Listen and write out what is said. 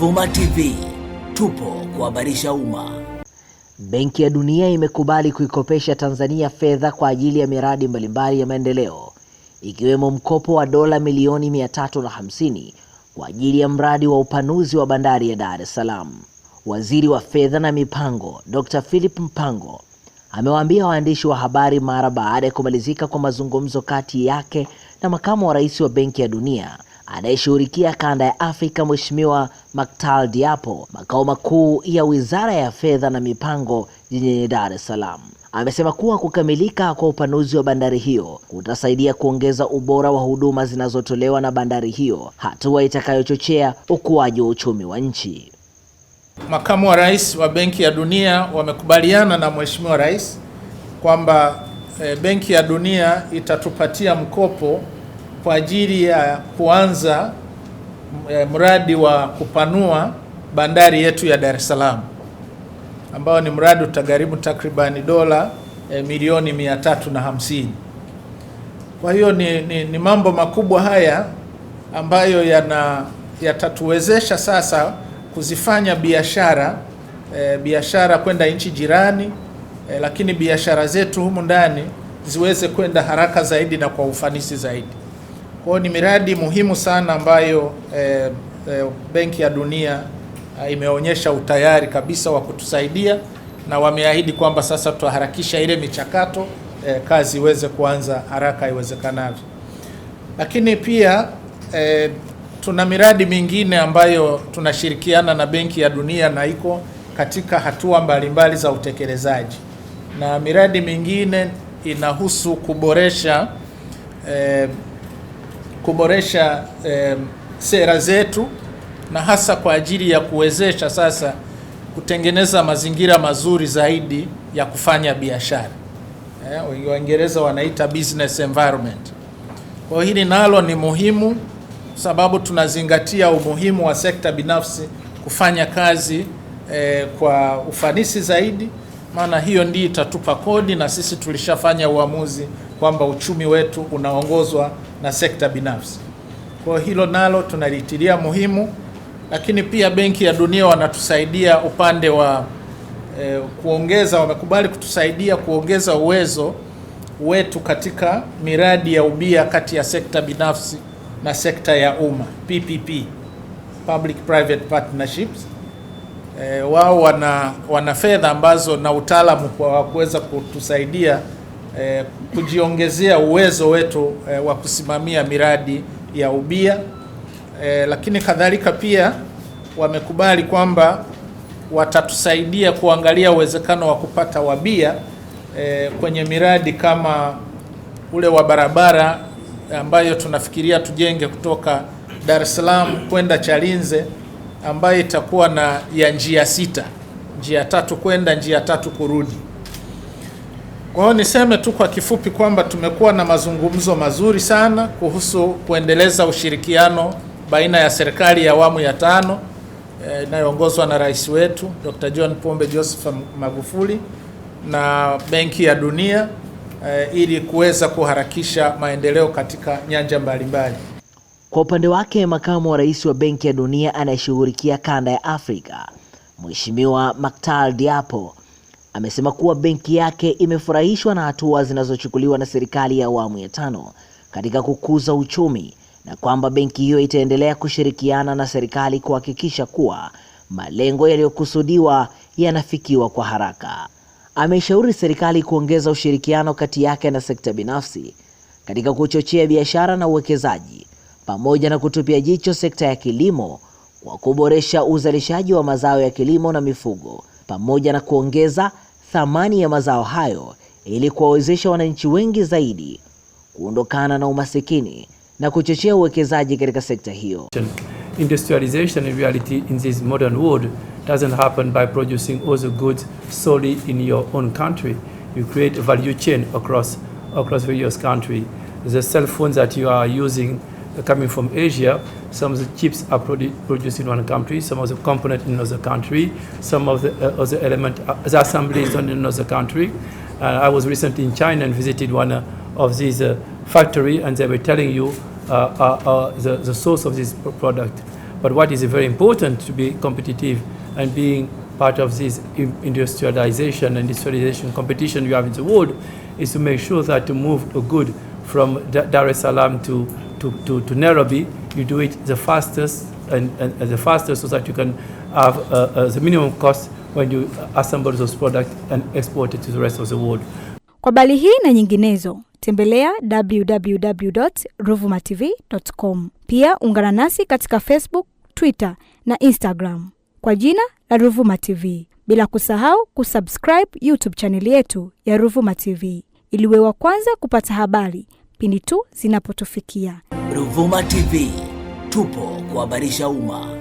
Vuma TV tupo kuhabarisha umma. Benki ya Dunia imekubali kuikopesha Tanzania fedha kwa ajili ya miradi mbalimbali ya maendeleo ikiwemo mkopo wa dola milioni 350 kwa ajili ya mradi wa upanuzi wa bandari ya Dar es Salaam. Waziri wa Fedha na Mipango, Dr. Philip Mpango amewaambia waandishi wa habari mara baada ya kumalizika kwa mazungumzo kati yake na makamu wa rais wa Benki ya Dunia anayeshughulikia kanda ya Afrika, Mheshimiwa Maktal Diapo, makao makuu ya Wizara ya Fedha na Mipango jijini Dar es Salaam, amesema kuwa kukamilika kwa upanuzi wa bandari hiyo kutasaidia kuongeza ubora wa huduma zinazotolewa na bandari hiyo, hatua itakayochochea ukuaji wa uchumi wa nchi. Makamu wa Rais wa Benki ya Dunia wamekubaliana na Mheshimiwa Rais kwamba e, Benki ya Dunia itatupatia mkopo kwa ajili ya kuanza eh, mradi wa kupanua bandari yetu ya Dar es Salaam ambao ni mradi utagharimu takribani dola e, milioni mia tatu na hamsini. Kwa hiyo ni, ni, ni mambo makubwa haya ambayo yana yatatuwezesha sasa kuzifanya biashara e, biashara kwenda nchi jirani e, lakini biashara zetu humu ndani ziweze kwenda haraka zaidi na kwa ufanisi zaidi. Kwa hiyo ni miradi muhimu sana ambayo eh, eh, Benki ya Dunia eh, imeonyesha utayari kabisa wa kutusaidia na wameahidi kwamba sasa tutaharakisha ile michakato eh, kazi iweze kuanza haraka iwezekanavyo. Lakini pia eh, tuna miradi mingine ambayo tunashirikiana na Benki ya Dunia na iko katika hatua mbalimbali mbali za utekelezaji, na miradi mingine inahusu kuboresha eh, kuboresha eh, sera zetu na hasa kwa ajili ya kuwezesha sasa kutengeneza mazingira mazuri zaidi ya kufanya biashara. Eh, Waingereza wanaita business environment. Kwa hili nalo ni muhimu sababu tunazingatia umuhimu wa sekta binafsi kufanya kazi eh, kwa ufanisi zaidi, maana hiyo ndiyo itatupa kodi, na sisi tulishafanya uamuzi kwamba uchumi wetu unaongozwa na sekta binafsi. Kwa hilo nalo tunalitilia muhimu, lakini pia Benki ya Dunia wanatusaidia upande wa eh, kuongeza, wamekubali kutusaidia kuongeza uwezo wetu katika miradi ya ubia kati ya sekta binafsi na sekta ya umma PPP, public private partnerships. E, wao wana, wana fedha ambazo na utaalamu wa kuweza kutusaidia eh, kujiongezea uwezo wetu eh, wa kusimamia miradi ya ubia eh, lakini kadhalika pia wamekubali kwamba watatusaidia kuangalia uwezekano wa kupata wabia eh, kwenye miradi kama ule wa barabara ambayo tunafikiria tujenge kutoka Dar es Salaam kwenda Chalinze ambayo itakuwa na ya njia sita, njia tatu kwenda, njia tatu kurudi. Kwa hiyo niseme tu kwa kifupi kwamba tumekuwa na mazungumzo mazuri sana kuhusu kuendeleza ushirikiano baina ya serikali ya awamu ya tano eh, inayoongozwa na rais wetu Dr. John Pombe Joseph Magufuli na Benki ya Dunia eh, ili kuweza kuharakisha maendeleo katika nyanja mbalimbali. Kwa upande wake, makamu wa rais wa Benki ya Dunia anayeshughulikia kanda ya Afrika Mheshimiwa Maktal Diapo amesema kuwa benki yake imefurahishwa na hatua zinazochukuliwa na serikali ya awamu ya tano katika kukuza uchumi na kwamba benki hiyo itaendelea kushirikiana na serikali kuhakikisha kuwa malengo yaliyokusudiwa yanafikiwa kwa haraka. Ameshauri serikali kuongeza ushirikiano kati yake na sekta binafsi katika kuchochea biashara na uwekezaji pamoja na kutupia jicho sekta ya kilimo kwa kuboresha uzalishaji wa mazao ya kilimo na mifugo pamoja na kuongeza thamani ya mazao hayo ili kuwawezesha wananchi wengi zaidi kuondokana na umasikini na kuchochea uwekezaji katika sekta hiyo. Industrialization in reality in this modern world doesn't happen by producing all the goods solely in your own country. You create a value chain across across various country. The cell phones that you are using coming from Asia. Some of the chips are produ produced in one country, some of the components in another country, some of the uh, other element, uh, the assembly is done in another country. Uh, I was recently in China and visited one uh, of these factory, and they were telling you the, the source of this product. But what is very important to be competitive and being part of this industrialization and industrialization competition you have in the world is to make sure that to move a good from Dar es Salaam to to, to, to Nairobi, you do it the fastest and, and, and the fastest so that you can have uh, uh, the minimum cost when you assemble those products and export it to the rest of the world. Kwa bali hii na nyinginezo tembelea www.ruvumatv.com. Pia ungana nasi katika Facebook, Twitter na Instagram kwa jina la Ruvuma TV, bila kusahau kusubscribe YouTube chaneli yetu ya Ruvuma TV iliwe wa kwanza kupata habari pindi tu zinapotufikia. Ruvuma TV tupo kuhabarisha umma.